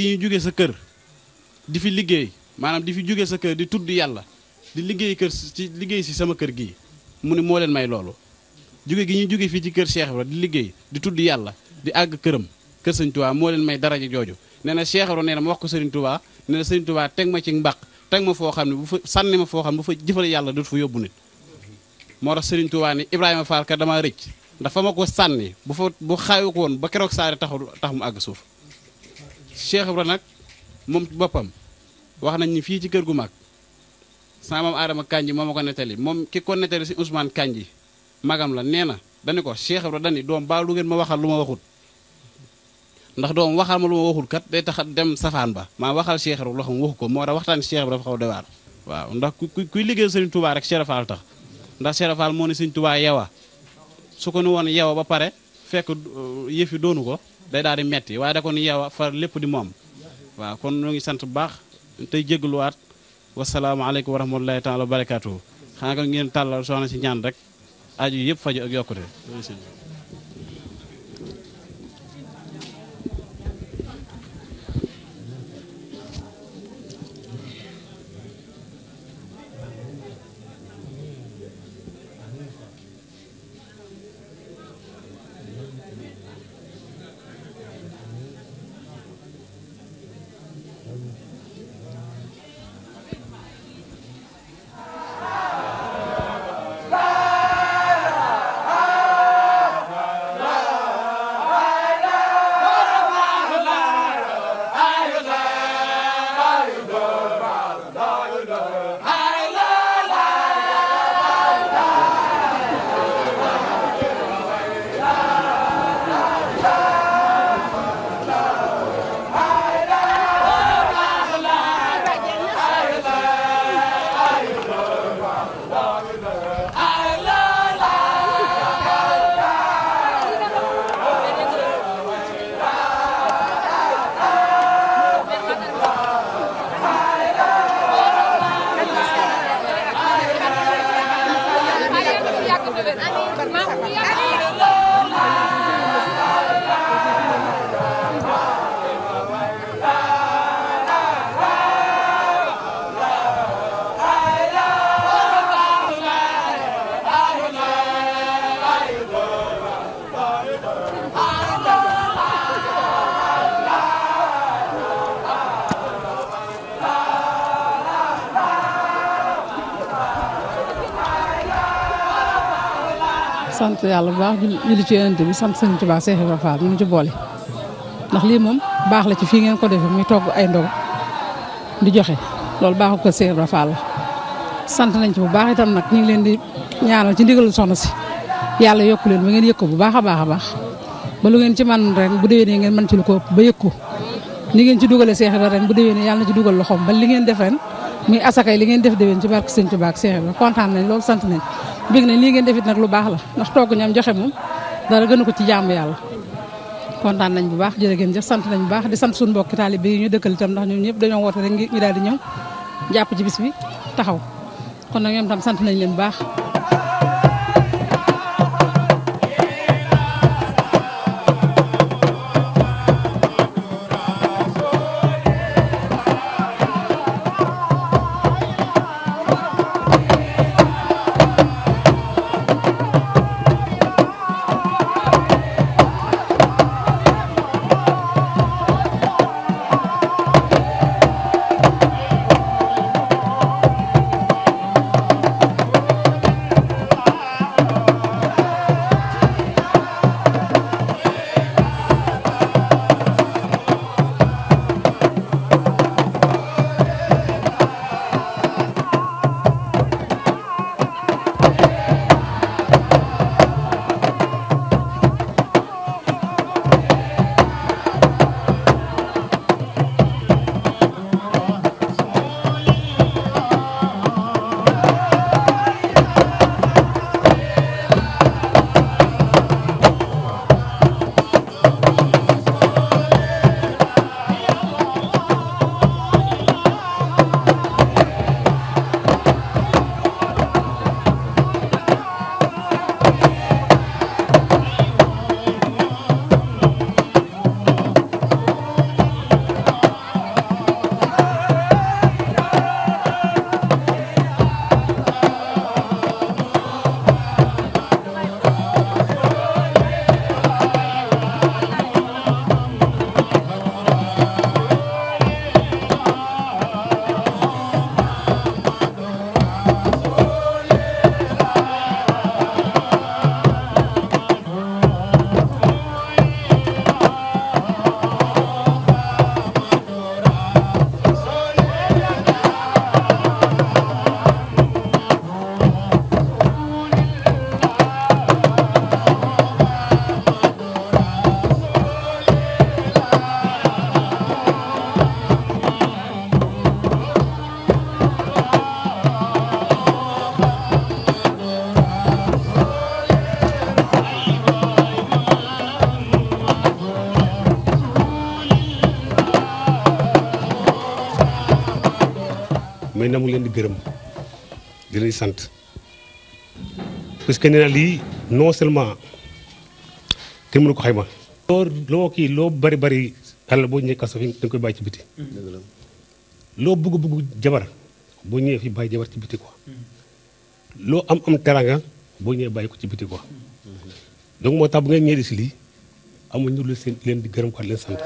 di ñu jóge sa kër di fi liggéey maanaam di fi jóge sa kër di tudd yàlla di liggéey kër ci liggéey si sama kër gii mu ne moo leen may loolu jóge gi ñu jóge fii ci kër Cheikh Ibra di liggéey di tudd yàlla di àgg këram kër sëñ moo leen may daraja jooju nee na Cheikh Ibra nee na ma wax ko sëriñ Touba nee na teg ma ci mbaq teg ma foo xam ne bu fa sànni ma foo xam ne bu fa jëfal yàlla dootu fa yóbbu nit moo tax sëriñ Touba ni Ibrahima Fall ka damaa rëcc ndax ma ko sànni bu fa bu xaayu ko woon ba keroog saare taxu tax mu àgg suuf Cheikh Ibra nag moom ci boppam wax nañ ni fii ci kër gu mag sama maam Adama Kanji moom ma ko nettali moom ki ko nettali si Ousmane Kanji magam la nee na dani ko Cheikh Ibra dani doom baa lu ma waxal lu ma waxut ndax doom waxal ma lu ma waxul kat day tax dem safaan ba maa waxal Cheikh Ibra loo xam waxu ko moo waxtaan Cheikh Ibra dafa xaw dewaar waaw ndax ku kuy liggéey Sëriñ Tuubaa rek Cheikh Fall tax ndax Cheikh moo ne Sëriñ Tuubaa yewa su ko nu woon yewa ba pare fekk euh, yëf yi doonu ko day daal di metti waaye da kon yeewa far lépp di moom waaw kon ñu ngi sant bu baax tey jégaluwaat wasalaamaaleykum wa rahmatulahi taala wa barakaatuhu xanaa ko ngeen tàllal soxna si ñaan rek aju yëpp faju ak yokkute sant la bu baax julli ci yonent bi sant sëñ Tuubaa Seex Ibra Faal ñu ci boole ndax lii moom baax la ci fii ngeen ko defee muy togg ay ndog di joxe loolu baaxu ko Seex Ibra Faal la sant nañ ci bu baax itam nag ñu ngi leen di ñaanal ci ndigalu soxna si yàlla yokku leen ba ngeen yëg ko bu baax a baax a baax ba ngeen ci man ren bu déwénee ngeen mën ci lu ko ëpp ba yëg ko ni ngeen ci dugalee Seex Ibra ren bu déwénee yàlla na ci dugal loxoom ba li ngeen def ren muy asakay li ngeen def ci barke sëñ Tuubaa ak Seex Ibra kontaan nañ loolu sant bég nañ lii ngeen defit nag lu baax la ndax togg ñam joxe moom dara gënu ko ci jaamu yàlla kontaan nañ bu baax jërë ngeen jëf sant nañ bu baax di sant suñu mbokki taalibe yi ñu dëkkal itam ndax ñoom ñëpp dañoo woote rek ñu daal di ñëw jàpp ci bis bi taxaw kon nag ñoom tam sant nañ leen bu baax may na mu leen di gërëm di leen sant parce que nee naa lii non seulement te mënu ko xayma. loo loo kii loo bari bari xel boo ñëwee kaso fi da nga koy bàyyi ci biti. loo bëgg bëgg jabar boo ñëwee fi bàyyi jabar ci biti quoi. am am teranga boo ñëwee bàyyi ko ci biti quoi. donc moo tax bu ngeen ñëwee si lii amuñu lu seen leen di gërëm ko sant.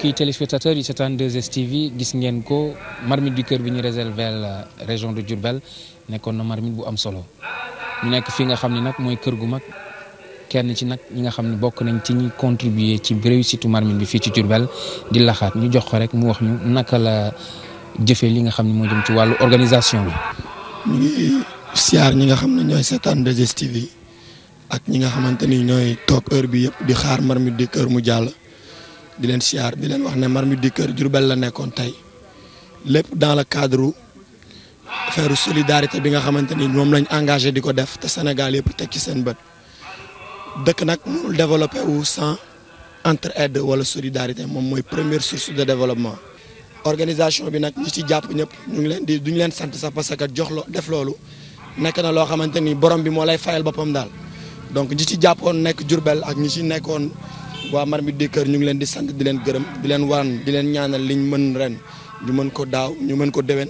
mbokki téléspectateurs yi seetaan 2STV gis ngeen ko marmite du kër bi ñu réservé la région de Diourbel nekkoon na marmite bu am solo ñu nekk fi nga xam ne nag mooy kër gu mag kenn ci nag ñi nga xam ne bokk nañ ci ñi contribuer ci réussite marmite bi fii ci Diourbel di laxaat ñu jox ko rek mu wax ñu naka la jëfee li nga xam ne mooy jëm ci wàllu organisation bi. ñu siyaar ñi nga xam ne ñooy seetaan 2STV ak ñi nga xamante ni ñooy toog heure bi yëpp di xaar marmite du mu jàll. di leen siyaar di leen wax ne Marmite du Cœur Diourbel la nekkoon tey lépp dans le cadre affaire solidarité bi nga xamante ni moom lañ engagé di ko def te Sénégal yëpp teg ci seen bët dëkk nag mënul développé wu entre entraide wala solidarité moom mooy première source de développement. organisation bi nag ñi ci jàpp ñëpp ñu leen di duñ leen sant sax parce que jox lo def loolu nekk na loo xamante ni borom bi moo lay fayal boppam daal donc ñi ci jàppoon nekk Diourbel nekkoon. waa Marmite du Cœur ñu ngi leen di sant di leen gërëm di leen waan di leen ñaanal liñ mën ren ñu mën ko daaw ñu mën ko dewen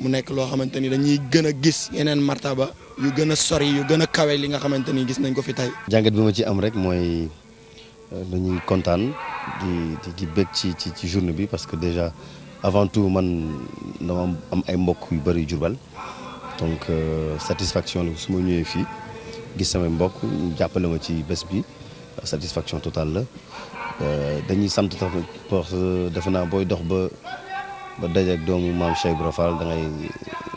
mu nekk loo xamante ni dañuy gën a gis yeneen ba yu gën a sori yu gën a kawe li nga xamante ni gis nañ ko fi tey. jàngat bi ma ci am rek mooy euh, dañuy kontaan di di di bëgg ci ci ci journée bi parce que déjà avant tout man dama am ay mbokk yu bëri Jurbel donc euh, satisfaction la su ma ñëwee fii gis samay mbokk ñu jàppale ma ci bés bi. satisfaction totale la euh, dañuy sant tamit parce que defe naa booy dox ba ba dajeek doomu maam Cheikh Ibra Fall da ngay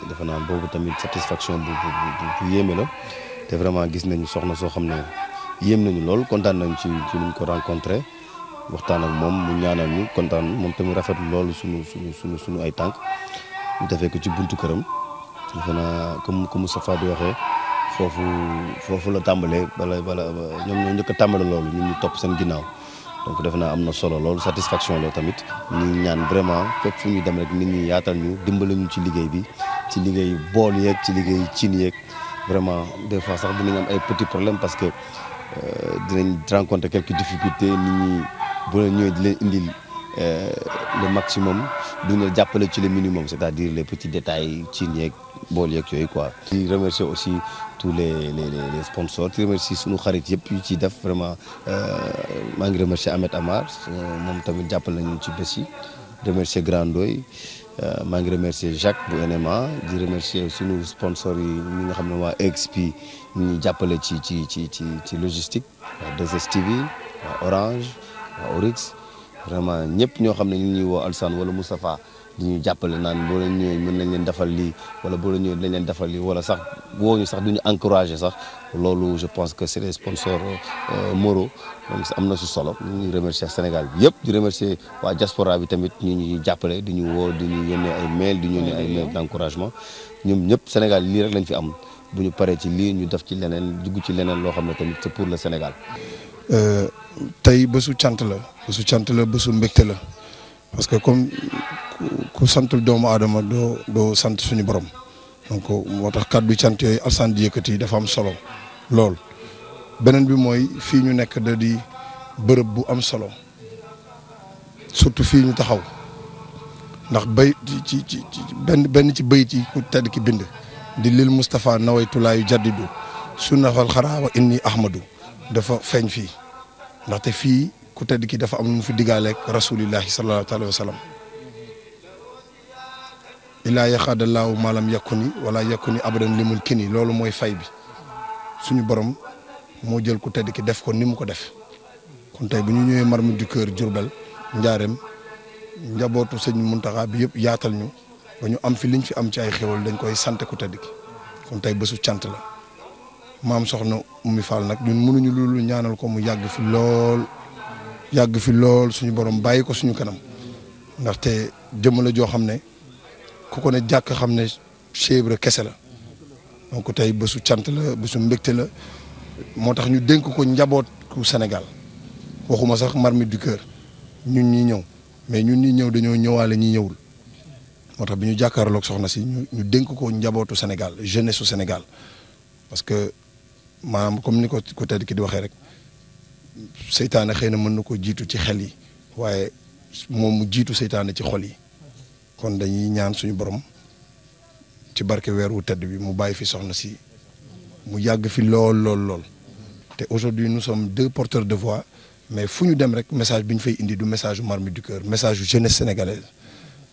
defe naa boobu tamit satisfaction bu bu yéeme la te vraiment gis nañu soxna soo xam ne yéem nañu lool kontaan nañu ci ci ñu ko rencontré waxtaan ak moom mu ñaanal ñu kontaan moom tamit rafetlu loolu suñu suñu suñu suñu ay tànk ñu defee ko ci buntu këram defe naa comme comme Moustapha di waxee. foofu foofu la tàmbalee bala bala ñoom ñoo njëkk a tàmbale loolu ñun ñu topp seen ginnaaw donc defe naa am na solo loolu satisfaction la tamit ñu ñaan vraiment fépp fu ñu dem rek nit ñi yaatal ñu dimbale ñu ci liggéey bi ci liggéey bool yeeg ci liggéey cin yeeg vraiment des fois sax dinañ am ay petits problèmes parce que euh, dinañ rencontrer quelques difficultés nit ñi bu leen ñëwee di leen indil euh, le maximum duñ la jàppale ci le minimum c'est-à-dire les petits détails cin yeeg bool yeeg yooyu quoi. di remercier aussi tous les les les sponsors di remercier suñu xarit yëpp yu ci def vraiment euh, maa ngi remercier Ahmed Amar euh, moom tamit jàppal nañu ci bés yi remercier Grandoy euh, maa ngi remercier Jacques bu NMA di remercier suñu sponsors yi ñi nga xam ne waa EXP ñu jàppale ci ci ci ci ci logistique waa 2STV waa Orange Orix vraiment ñëpp ñoo xam ne ñu ngi ñuy woo Alsaan wala Moustapha di ñu jàppale naan boo leen ñu mën nañ leen defal lii wala boo leen ñëwee leen defal lii wala sax woo ñu sax du ñu encouragé sax loolu je pense que c'est des sponsors euh, moraux donc am na su solo ñu ngi Sénégal bi yëpp di remercier waa diaspora bi tamit ñu ñuy jàppale di ñu woo di ñu yónnee ay mail di ñu yónnee ay mail d'encouragement ñoom ñëpp Sénégal lii rek lañ fi am bu ñu paree ci lii ñu def ci leneen dugg ci leneen loo xam ne tamit c'est pour le Sénégal tey bésu cant la bésu cant la bésu mbégte la parce que comme ku santul doomu aadama doo sant suñu borom donc moo tax kàddu cant yooyu alsan di yëkkati yi dafa am solo lool beneen bi mooy fii ñu nekk da di bërëb bu am solo surtout fii ñu taxaw ndax bay ci ci ci benn benn ci bayit yi ku tedd ki bind di lil Moustapha nawaytulaayu jaddidu sunnafal xaraa wa inni ahmadu dafa feeñ fii ndaxte fii ku tedd ki dafa am nu mu fi diggaaleeg rasulillahi sallallahu alayhi wa sallam illaa yaxaadalaahu maalam yakkuni wala yakkuni abadan limul kini loolu mooy fay bi suñu borom moo jël ku tedd ki def ko ni mu ko def kon tey bu ñu ñëwee Marmite du Cœur Diourbel njaareem njabootu sëñ Muntaxa bi yëpp yaatal ñu ba ñu am fi liñ fi am ci ay xéwal dañ koy sant ku tedd ki kon tey bésu cant la maam soxna Oumy Fall nag ñun mënuñu loolu ñaanal ko mu yàgg fi lool yàgg fi lool suñu borom bàyyi ko suñu kanam ndaxte jëmm la joo xam ne ku ko ne jàkk xam ne chevre kese la donc tey bésu cant la bésu mbégte la moo tax ñu denk ko njabootu Sénégal waxuma sax Marmite du ñun ñi ñëw mais ñun ñi ñëw dañoo ñëwaale ñi ñëwul moo bi ñu jàkkaarloog soxna si ñu dénk ko njabootu Sénégal jeunesse su Sénégal parce que maanaam comme ni ko ku tedd ki di waxee rek seytaane xëy na mën na ko jiitu ci xel yi waaye moom mu jiitu seytaane ci xol yi kon dañuy ñaan suñu borom ci barke weer wu tedd bi mu bàyyi fi soxna si mu yàgg fi lool lool lool te aujourd'hui nu sommes deux porteurs de voix mais fu ñu dem rek message bi ñu fay indi du message u Marmite du Cœur message u jeunesse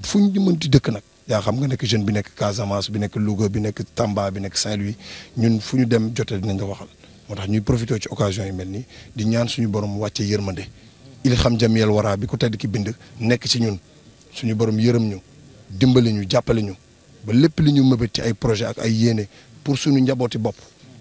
fu ñu mënti dëkk nag yaa xam nga nekk jeune bi nekk Casamance bi nekk Louga bi nekk Tamba bi nekk Saint-Louis ñun fu ñu dem jotee dinañ la waxal moo tax ñuy profité ci occasion yi mel nii di ñaan suñu borom wàcce yërmande il xam jamiyel waraa bi ku tedd ki bind nekk ci ñun suñu borom yërëm ñu dimbali ñu jàppale ñu ba lépp li ñu mëbët ci ay projet ak ay yéene pour suñu njabooti bopp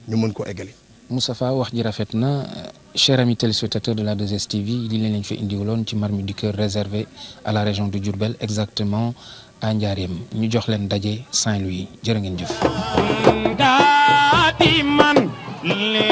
ñu mën ko eggali. Moustapha wax ji rafet na chers amis téléspectateurs de la 2STV li leen lañ fa indiwaloon ci Marmite du Cœur réservé à la région de Diourbel exactement. à Njaareem ñu jox leen daje Saint-Louis jërë ngeen jëf.